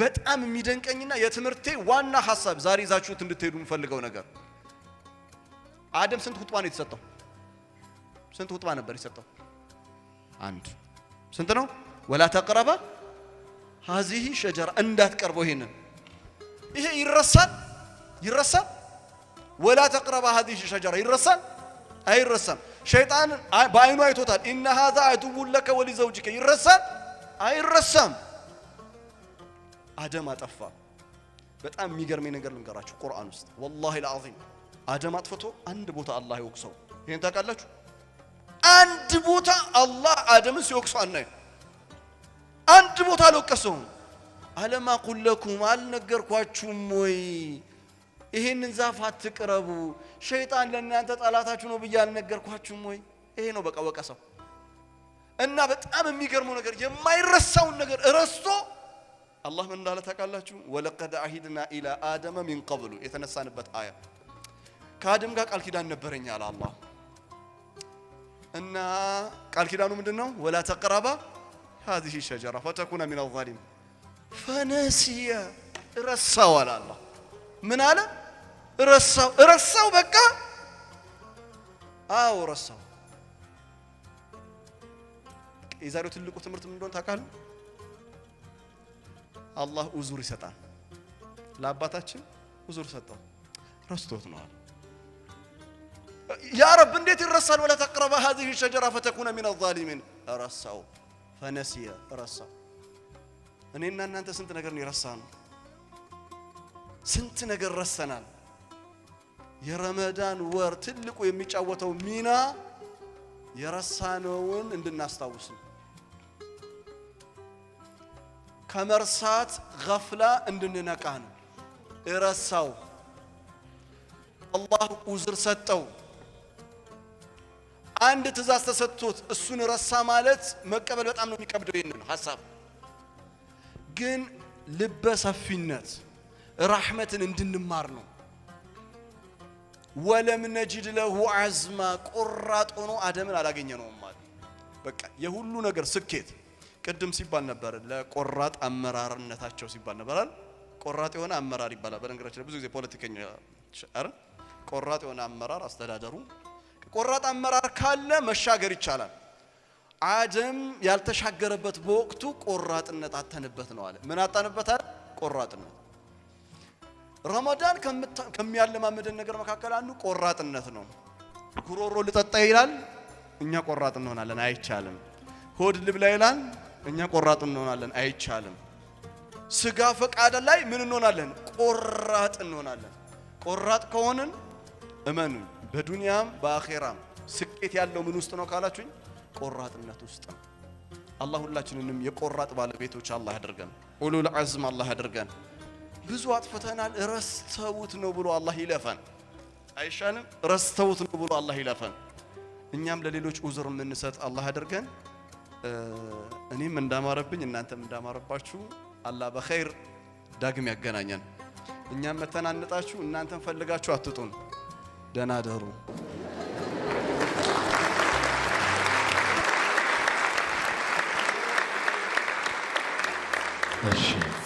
በጣም የሚደንቀኝና የትምህርቴ ዋና ሀሳብ ዛሬ ይዛችሁት እንድትሄዱ የምፈልገው ነገር አደም ስንት ሁጥባ ነው የተሰጠው? ስንት ሁጥባ ነበር የተሰጠው? አንድ። ስንት ነው? ወላ ተቅረበ ሀዚህ ሸጀራ እንዳትቀርበው። ይሄንን ይሄ ይረሳል ይረሳል። ወላ ተቅረበ ሀዚህ ሸጀራ ይረሳል አይረሳም። ሸይጣን በአይኑ አይቶታል። ኢነ ሀዛ አዱውን ለከ ወሊዘውጅከ ይረሳል አይረሳም። አደም አጠፋ። በጣም የሚገርመኝ ነገር ልንገራችሁ ቁርአን ውስጥ ወላሂ ለአዚም አደም አጥፍቶ አንድ ቦታ አላህ ይወቅሰው። ይህን ታውቃላችሁ? አንድ ቦታ አላህ አደምን ሲወቅሰው አናየው። አንድ ቦታ አልወቀሰውም። አለማ ቁለኩም አልነገርኳችሁም ወይ ይሄንን ዛፍ አትቅረቡ፣ ሸይጣን ለእናንተ ጠላታችሁ ነው ብዬ አልነገርኳችሁም ወይ? ይሄ ነው በቃ ወቀሰው። እና በጣም የሚገርመው ነገር የማይረሳውን ነገር ረስቶ አላህ ምን እንዳለ ታውቃላችሁ? ወለቀድ አሂድና ኢላ አደመ ሚን ቀብሉ የተነሳንበት አያ ከአደም ጋር ቃል ኪዳን ነበረኝ አለ አላህ። እና ቃል ኪዳኑ ምንድን ነው? ወላ ተቅረባ ሀዚህ ሸጀራ ፈተኩነ ሚን አዛሊም ፈነሲየ ረሳው አለ አላህ። ምን አለ? ረሳው ረሳው፣ በቃ አዎ ረሳው። የዛሬው ትልቁ ትምህርት ምን እንደሆነ ታውቃለህ? አላህ ኡዙር ይሰጣል። ለአባታችን ኡዙር ሰጠው፣ ረስቶት ነዋል። ያ ረብ እንዴት ይረሳል? ወላ ተቅረበ ሀዚህ ሸጀራ ፈተኩነ ሚን አዛሊሚን። ረሳው፣ ፈነሲየ ረሳው። እኔና እናንተ ስንት ነገር ይረሳ? ነው። ስንት ነገር ረሰናል። የረመዳን ወር ትልቁ የሚጫወተው ሚና የረሳነውን እንድናስታውስ ነው። ከመርሳት ገፍላ እንድንነቃ ነው። እረሳው፣ አላህ ኡዝር ሰጠው። አንድ ትእዛዝ ተሰጥቶት እሱን ረሳ ማለት መቀበል በጣም ነው የሚከብደው። ይህንን ሀሳብ ግን ልበ ሰፊነት ራሕመትን እንድንማር ነው። ወለም ነጅድ ለሁ አዝማ ቆራጥ ሆኖ አደምን አላገኘ ነውም በቃ የሁሉ ነገር ስኬት ቅድም ሲባል ነበር ለቆራጥ አመራርነታቸው ሲባል ነበራል። ቆራጥ የሆነ አመራር ይባላል። በነገራችን ላይ ብዙ ጊዜ ፖለቲከኛ ቆራጥ የሆነ አመራር አስተዳደሩ ቆራጥ አመራር ካለ መሻገር ይቻላል። አደም ያልተሻገረበት በወቅቱ ቆራጥነት አተንበት ነው አለ። ምን አጣንበታል? ቆራጥነት። ረመዳን ከሚያለማመደን ነገር መካከል አንዱ ቆራጥነት ነው። ጉሮሮ ልጠጣ ይላል፣ እኛ ቆራጥ እንሆናለን። አይቻልም። ሆድ ልብላ ይላል፣ እኛ ቆራጥ እንሆናለን። አይቻልም። ስጋ ፈቃድ ላይ ምን እንሆናለን? ቆራጥ እንሆናለን። ቆራጥ ከሆንን እመኑ፣ በዱንያም በአኼራም ስኬት ያለው ምን ውስጥ ነው ካላችሁኝ፣ ቆራጥነት ውስጥ ነው። አላህ ሁላችንንም የቆራጥ ባለቤቶች አላህ ያደርገን፣ ኡሉል አዝም አላህ ያደርገን። ብዙ አጥፍተናል፣ ረስተውት ነው ብሎ አላህ ይለፈን። አይሻልም? ረስተውት ነው ብሎ አላህ ይለፈን። እኛም ለሌሎች ኡዝር የምንሰጥ አላህ ያደርገን። እኔም እንዳማረብኝ እናንተም እንዳማረባችሁ አላ በኸይር ዳግም ያገናኘን። እኛም መተናነጣችሁ እናንተም ፈልጋችሁ አትጡን። ደህና ደሩ። እሺ